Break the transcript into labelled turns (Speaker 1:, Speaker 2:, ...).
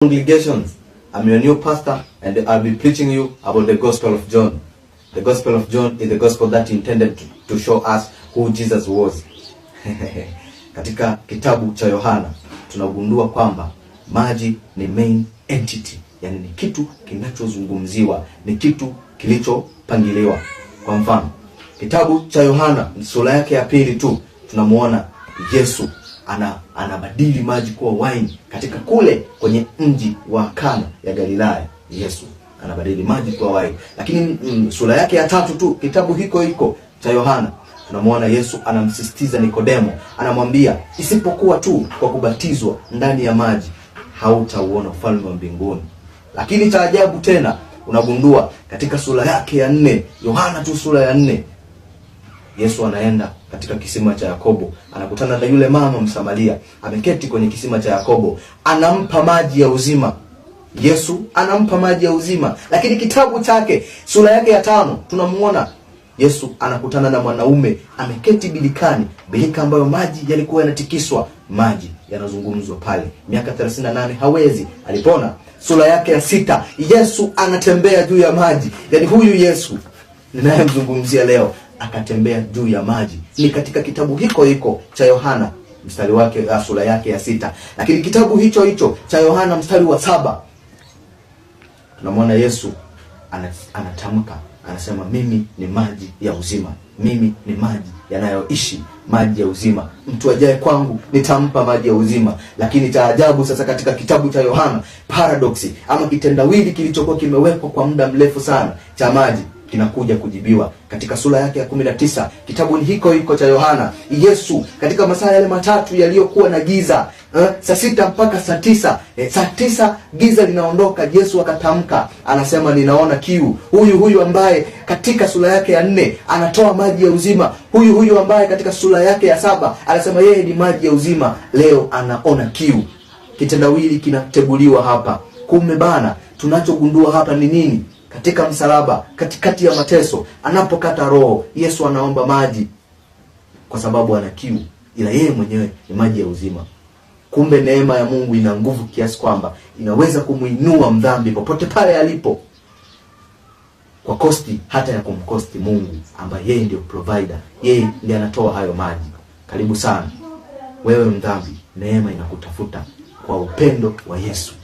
Speaker 1: congregations. I'm your new pastor and I'll be preaching you about the gospel of John. The gospel of John is the gospel that intended to, to show us who Jesus was. Katika kitabu cha Yohana tunagundua kwamba maji ni main entity, yani ni kitu kinachozungumziwa, ni kitu kilichopangiliwa. Kwa mfano, kitabu cha Yohana sura yake ya pili tu tunamuona Yesu ana anabadili maji kuwa wine katika kule kwenye mji wa Kana ya Galilaya. Yesu anabadili maji kuwa wine. Lakini mm, sura yake ya tatu tu kitabu hiko hiko cha Yohana tunamwona Yesu anamsistiza Nikodemo, anamwambia isipokuwa tu kwa kubatizwa ndani ya maji hautauona ufalme wa mbinguni. Lakini cha ajabu tena unagundua katika sura yake ya nne, Yohana tu sura ya nne Yesu anaenda katika kisima cha Yakobo, anakutana na yule mama Msamaria ameketi kwenye kisima cha Yakobo, anampa maji ya uzima. Yesu anampa maji ya uzima, lakini kitabu chake sura yake ya tano tunamuona Yesu anakutana na mwanaume ameketi bilikani, bilika ambayo maji yalikuwa yanatikiswa, maji yanazungumzwa pale. Miaka 38 hawezi alipona. Sura yake ya sita Yesu anatembea juu ya maji, yaani huyu Yesu ninayemzungumzia leo akatembea juu ya maji. Ni katika kitabu hiko hiko cha Yohana mstari wake ah, sura yake ya sita, lakini kitabu hicho hicho cha Yohana mstari wa saba tunamwona Yesu anatamka anasema, mimi ni maji ya uzima, mimi ni maji yanayoishi, maji ya uzima. Mtu ajaye kwangu nitampa maji ya uzima. Lakini cha ajabu sasa, katika kitabu cha Yohana, paradoksi ama kitendawili kilichokuwa kimewekwa kwa muda mrefu sana cha maji kinakuja kujibiwa katika sura yake ya kumi na tisa ni hiko hiko cha Yohana. Yesu katika masaa yale matatu yaliyokuwa na giza eh, saa sita mpaka saa tisa eh, saa tisa giza linaondoka. Yesu akatamka anasema, ninaona kiu. Huyu huyu ambaye katika sura yake ya nne anatoa maji ya uzima, huyu huyu ambaye katika sura yake ya saba anasema yeye ni maji ya uzima, leo anaona kiu. Kitendawili kinateguliwa hapa. Kumbe bana, tunachogundua hapa ni nini? Katika msalaba, katikati ya mateso, anapokata roho, Yesu anaomba maji kwa sababu ana kiu, ila yeye mwenyewe ni maji ya uzima. Kumbe neema ya Mungu ina nguvu kiasi kwamba inaweza kumuinua mdhambi popote pale alipo, kwa kosti hata ya kumkosti Mungu ambaye yeye ndio provider, yeye ndiye anatoa hayo maji. Karibu sana wewe mdhambi, neema inakutafuta kwa upendo wa Yesu.